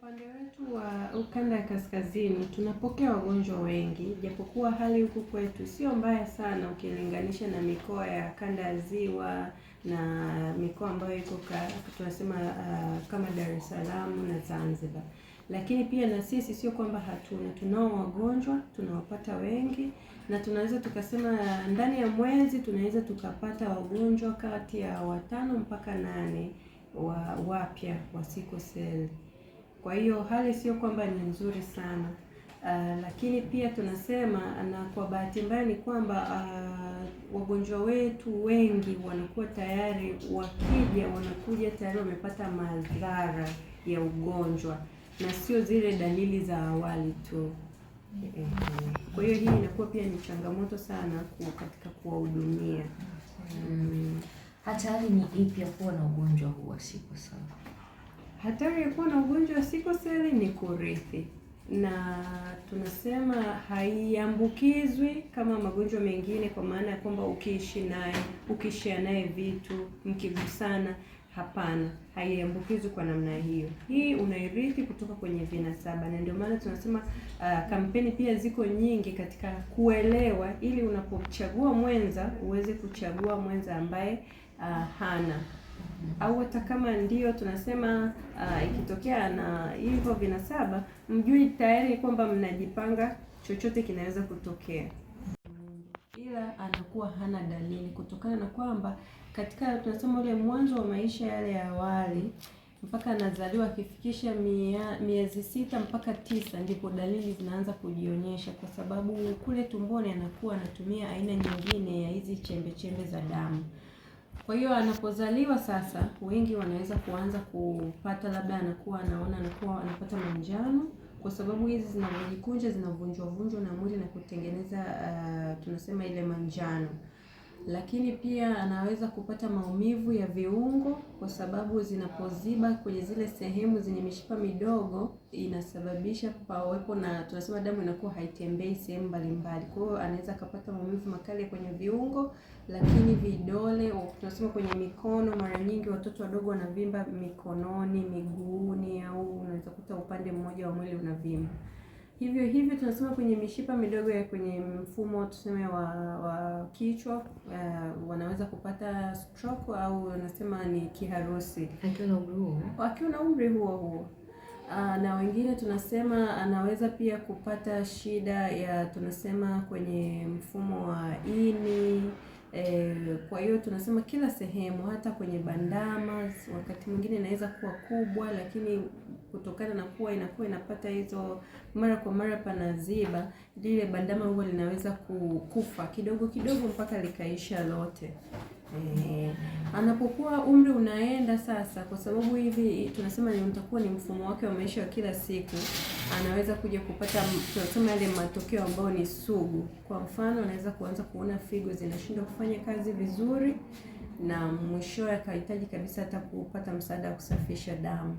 upande wetu wa ukanda ya kaskazini tunapokea wagonjwa wengi, japokuwa hali huku kwetu sio mbaya sana ukilinganisha na mikoa ya kanda ya Ziwa na mikoa ambayo iko tunasema uh, kama Dar es Salaam na Zanzibar, lakini pia na sisi sio kwamba hatuna, tunao wagonjwa tunawapata wengi, na tunaweza tukasema ndani ya mwezi tunaweza tukapata wagonjwa kati ya watano mpaka nane wa wapya wasiko seli kwa hiyo hali sio kwamba ni nzuri sana uh, lakini pia tunasema na kwa bahati mbaya ni kwamba uh, wagonjwa wetu wengi wanakuwa tayari wakija, wanakuja tayari wamepata madhara ya ugonjwa na sio zile dalili za awali tu. Kwa hiyo hii inakuwa pia ni changamoto sana kwa katika kuwahudumia. Hatari ni ipi ya kuwa na ugonjwa huu wa sickle cell? Hatari ya kuwa na ugonjwa wa sickle cell ni kurithi, na tunasema haiambukizwi kama magonjwa mengine, kwa maana ya kwamba ukiishi naye, ukishia naye vitu, mkigusana, hapana, haiambukizwi kwa namna hiyo. Hii unairithi kutoka kwenye vinasaba, na ndio maana tunasema uh, kampeni pia ziko nyingi katika kuelewa, ili unapochagua mwenza uweze kuchagua mwenza ambaye uh, hana au hata kama ndio tunasema uh, ikitokea na hivyo vinasaba, mjui tayari kwamba mnajipanga, chochote kinaweza kutokea, ila anakuwa hana dalili kutokana na kwamba katika tunasema ule mwanzo wa maisha yale ya awali mpaka anazaliwa akifikisha miezi sita mpaka tisa ndipo dalili zinaanza kujionyesha, kwa sababu kule tumboni anakuwa anatumia aina nyingine ya hizi chembe chembe za damu. Kwa hiyo anapozaliwa sasa, wengi wanaweza kuanza kupata labda, anakuwa anaona, anakuwa anapata manjano kwa sababu hizi zinavyojikunja zinavunjwa vunjwa na mwili na kutengeneza uh, tunasema ile manjano lakini pia anaweza kupata maumivu ya viungo kwa sababu zinapoziba kwenye zile sehemu zenye mishipa midogo inasababisha pawepo na tunasema damu inakuwa haitembei sehemu mbalimbali. Kwa hiyo anaweza akapata maumivu makali kwenye viungo, lakini vidole, tunasema kwenye mikono. Mara nyingi watoto wadogo wanavimba mikononi, miguuni, au unaweza kuta upande mmoja wa mwili unavimba. Hivyo hivyo tunasema kwenye mishipa midogo ya kwenye mfumo tuseme wa, wa kichwa uh, wanaweza kupata stroke au wanasema ni kiharusi wakiwa na umri huo huo. Uh, na wengine tunasema anaweza pia kupata shida ya tunasema kwenye mfumo wa ini e, kwa hiyo tunasema kila sehemu, hata kwenye bandama wakati mwingine inaweza kuwa kubwa, lakini kutokana na kuwa inakuwa inapata hizo mara kwa mara panaziba, lile bandama huwa linaweza kufa kidogo kidogo mpaka likaisha lote. Eh, anapokuwa umri unaenda sasa, kwa sababu hivi tunasema ni utakuwa ni mfumo wake wa maisha wa kila siku, anaweza kuja kupata tunasema yale matokeo ambayo ni sugu. Kwa mfano, anaweza kuanza kuona figo zinashindwa kufanya kazi vizuri na mwishowe akahitaji kabisa hata kupata msaada wa kusafisha damu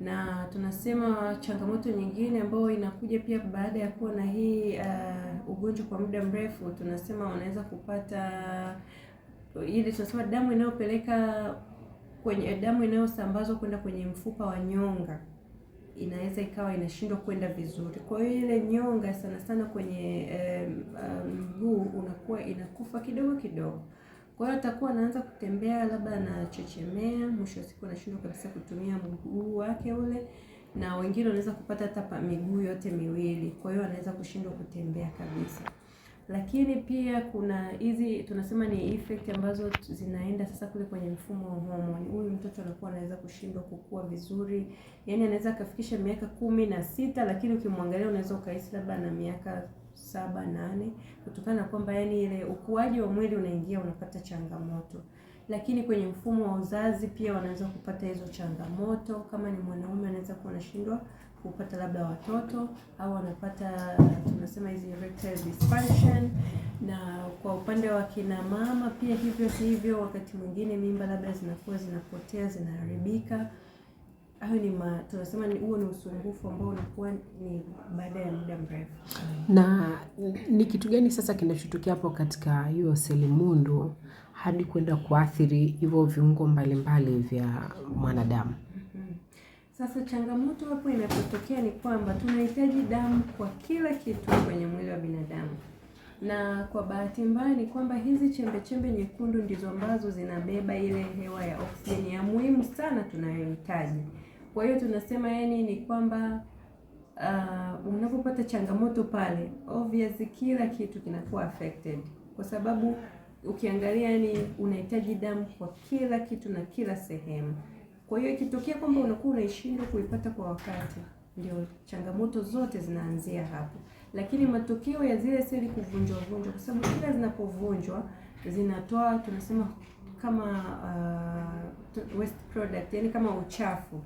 na tunasema changamoto nyingine ambayo inakuja pia baada ya kuwa na hii uh, ugonjwa kwa muda mrefu, tunasema wanaweza kupata ile tunasema damu inayopeleka kwenye damu inayosambazwa kwenda kwenye mfupa wa nyonga inaweza ikawa inashindwa kwenda vizuri. Kwa hiyo ile nyonga sana sana kwenye eh, mguu um, um, unakuwa inakufa kidogo kidogo. Kwa hiyo atakuwa anaanza kutembea labda anachechemea, mwisho wa siku anashindwa kabisa kutumia mguu wake ule, na wengine wanaweza kupata hata miguu yote miwili, kwa hiyo anaweza kushindwa kutembea kabisa. Lakini pia kuna hizi tunasema ni effect ambazo zinaenda sasa kule kwenye mfumo wa homoni. Huyu mtoto anakuwa anaweza kushindwa kukua vizuri, yaani anaweza akafikisha miaka kumi na sita, lakini ukimwangalia unaweza ukahisi labda na miaka saba nane, kutokana na kwamba yani ile ukuaji wa mwili unaingia unapata changamoto. Lakini kwenye mfumo wa uzazi pia wanaweza kupata hizo changamoto. Kama ni mwanaume anaweza kuwa anashindwa kupata labda watoto au anapata tunasema hizi erectile dysfunction. Na kwa upande wa kina mama pia hivyo hivyo, wakati mwingine mimba labda zinakuwa zinapotea, zinaharibika hayo ni tunasema huo ni usumbufu ambao unakuwa ni baada ya muda mrefu. Na ni kitu gani sasa kinachotokea hapo katika hiyo selimundu hadi kwenda kuathiri hivyo viungo mbalimbali mbali vya mwanadamu? Mm-hmm. Sasa changamoto hapo inapotokea ni kwamba tunahitaji damu kwa kila kitu kwenye mwili wa binadamu, na kwa bahati mbaya ni kwamba hizi chembechembe nyekundu ndizo ambazo zinabeba ile hewa ya oksijeni ya muhimu sana tunayohitaji. Kwa hiyo tunasema yani ni kwamba uh, unapopata changamoto pale, obviously kila kitu kinakuwa affected, kwa sababu ukiangalia yani unahitaji damu kwa kila kitu na kila sehemu. Kwa hiyo ikitokea kwamba unakuwa unaishindwa kuipata kwa wakati, ndio changamoto zote zinaanzia hapo, lakini matokeo ya zile seli kuvunjwa vunjwa, kwa sababu kila zinapovunjwa zinatoa tunasema kama uh, waste product, yani kama uchafu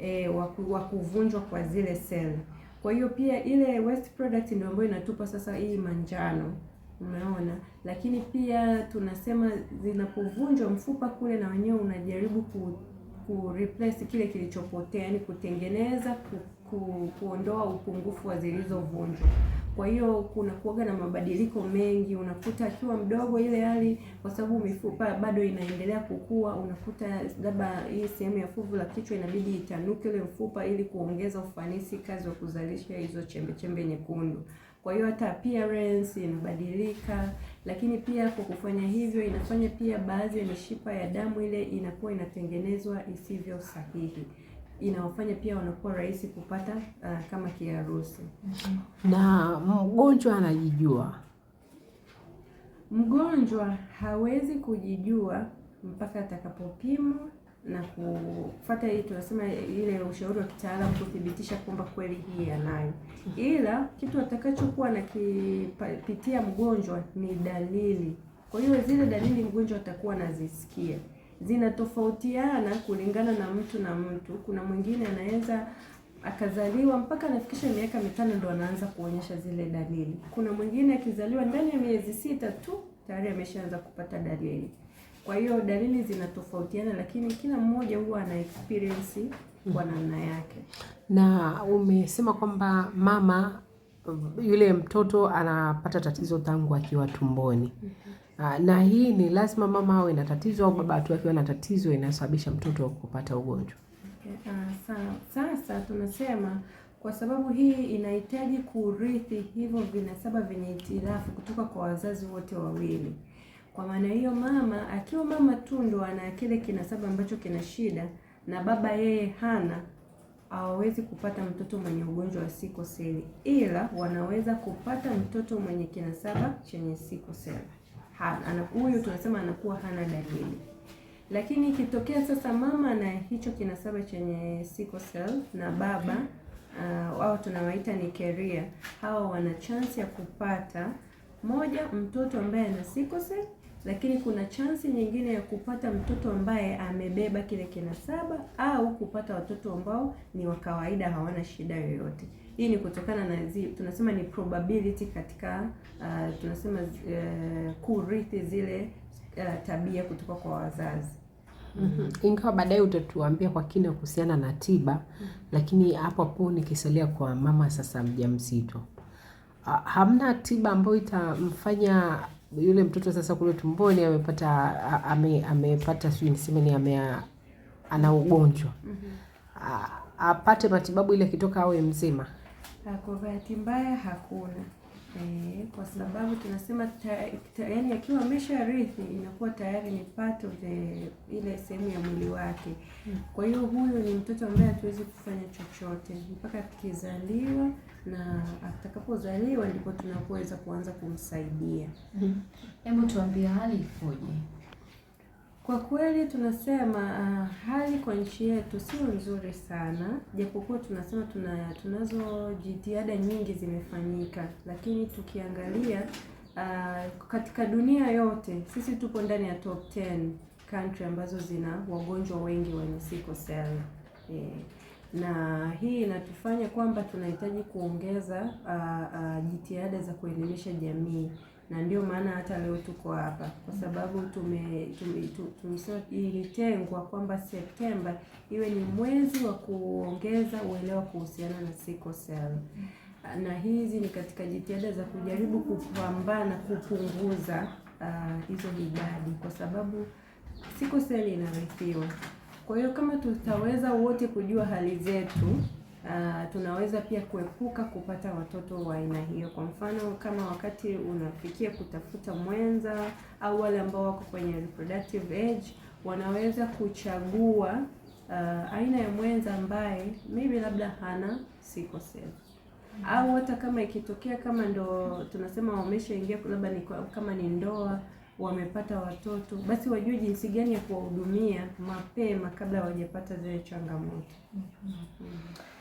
e, wa kuvunjwa kwa zile sel Kwa hiyo pia ile waste product ndio ambayo inatupa sasa hii manjano, umeona Lakini pia tunasema zinapovunjwa mfupa kule, na wenyewe unajaribu ku, ku replace kile kilichopotea, yani kutengeneza ku, ku, kuondoa upungufu wa zilizovunjwa. Kwa hiyo kuna kuoga na mabadiliko mengi, unakuta akiwa mdogo ile hali, kwa sababu mifupa bado inaendelea kukua, unakuta labda hii sehemu ya fuvu la kichwa inabidi itanuke ile mfupa ili kuongeza ufanisi kazi wa kuzalisha hizo chembechembe nyekundu. Kwa hiyo hata appearance inabadilika, lakini pia kwa kufanya hivyo inafanya pia baadhi ya mishipa ya damu ile inakuwa inatengenezwa isivyo sahihi inawafanya pia wanakuwa rahisi kupata uh, kama kiharusi. Na mgonjwa anajijua? Mgonjwa hawezi kujijua mpaka atakapopimwa na kufuata hii tunasema ile ushauri wa kitaalamu kuthibitisha kwamba kweli hii anayo, ila kitu atakachokuwa nakipitia mgonjwa ni dalili. Kwa hiyo zile dalili mgonjwa atakuwa anazisikia zinatofautiana kulingana na mtu na mtu. Kuna mwingine anaweza akazaliwa mpaka anafikisha miaka mitano ndo anaanza kuonyesha zile dalili. Kuna mwingine akizaliwa ndani ya miezi sita tu tayari ameshaanza kupata dalili. Kwa hiyo dalili zinatofautiana, lakini kila mmoja huwa ana experience kwa mm-hmm. namna yake. Na umesema kwamba mama yule mtoto anapata tatizo tangu akiwa tumboni. Mm -hmm. Ah, na hii ni lazima mama awe na tatizo au baba tu akiwa na tatizo inasababisha mtoto kupata ugonjwa. Okay, ah, sawa. sa, tunasema kwa sababu hii inahitaji kurithi hivyo vinasaba vyenye itilafu kutoka kwa wazazi wote wawili. Kwa maana hiyo, mama akiwa mama tu ndo ana kile kinasaba ambacho kina shida na baba yeye hana, hawawezi kupata mtoto mwenye ugonjwa wa sikoseli, ila wanaweza kupata mtoto mwenye kinasaba chenye sikoseli huyu tunasema anakuwa hana dalili. Lakini ikitokea sasa mama na hicho kinasaba chenye sickle cell na baba uh, wao tunawaita ni carrier, hawa wana chance ya kupata moja, mtoto ambaye ana sickle cell lakini kuna chansi nyingine ya kupata mtoto ambaye amebeba kile kinasaba au kupata watoto ambao ni wa kawaida, hawana shida yoyote. Hii ni kutokana na zi, tunasema ni probability katika uh, tunasema uh, kurithi zile uh, tabia kutoka kwa wazazi. Mm -hmm. Ingawa baadaye utatuambia kwa kina kuhusiana na tiba. Mm -hmm. Lakini hapo hapo nikisalia kwa mama sasa mjamzito, uh, hamna tiba ambayo itamfanya yule mtoto sasa kule tumboni amepata ame, amepata sijui niseme ni ame ana ugonjwa mm -hmm. apate matibabu ile akitoka awe mzima. Kwa bahati mbaya hakuna e, kwa sababu tunasema yani akiwa amesharithi inakuwa tayari ni part of the ile sehemu ya mwili wake mm -hmm. Kwa hiyo huyu ni mtoto ambaye hatuwezi kufanya chochote mpaka akizaliwa na atakapozaliwa ndipo tunapoweza kuanza kumsaidia. Mhm. Hebu mm. tuambie hali ikoje? Kwa kweli tunasema uh, hali kwa nchi yetu sio nzuri sana, japokuwa tunasema tuna, tunazo jitihada nyingi zimefanyika, lakini tukiangalia uh, katika dunia yote sisi tupo ndani ya top 10 country ambazo zina wagonjwa wengi wenye sickle cell yeah na hii inatufanya kwamba tunahitaji kuongeza uh, uh, jitihada za kuelimisha jamii, na ndio maana hata leo tuko hapa kwa sababu tume, tume, tume ilitengwa kwamba Septemba iwe ni mwezi wa kuongeza uelewa kuhusiana na sickle cell na hizi ni katika jitihada za kujaribu kupambana kupunguza hizo uh, idadi, kwa sababu sickle cell inarithiwa. Kwa hiyo kama tutaweza wote kujua hali zetu Uh, tunaweza pia kuepuka kupata watoto wa aina hiyo. Kwa mfano kama wakati unafikia kutafuta mwenza au wale ambao wako kwenye reproductive age, wanaweza kuchagua uh, aina ya mwenza ambaye maybe labda hana sickle cell mm -hmm. au hata kama ikitokea kama ndo tunasema wameshaingia labda ni kama ni ndoa wamepata watoto, basi wajue jinsi gani ya kuwahudumia mapema kabla hawajapata zile changamoto. mm -hmm. mm -hmm.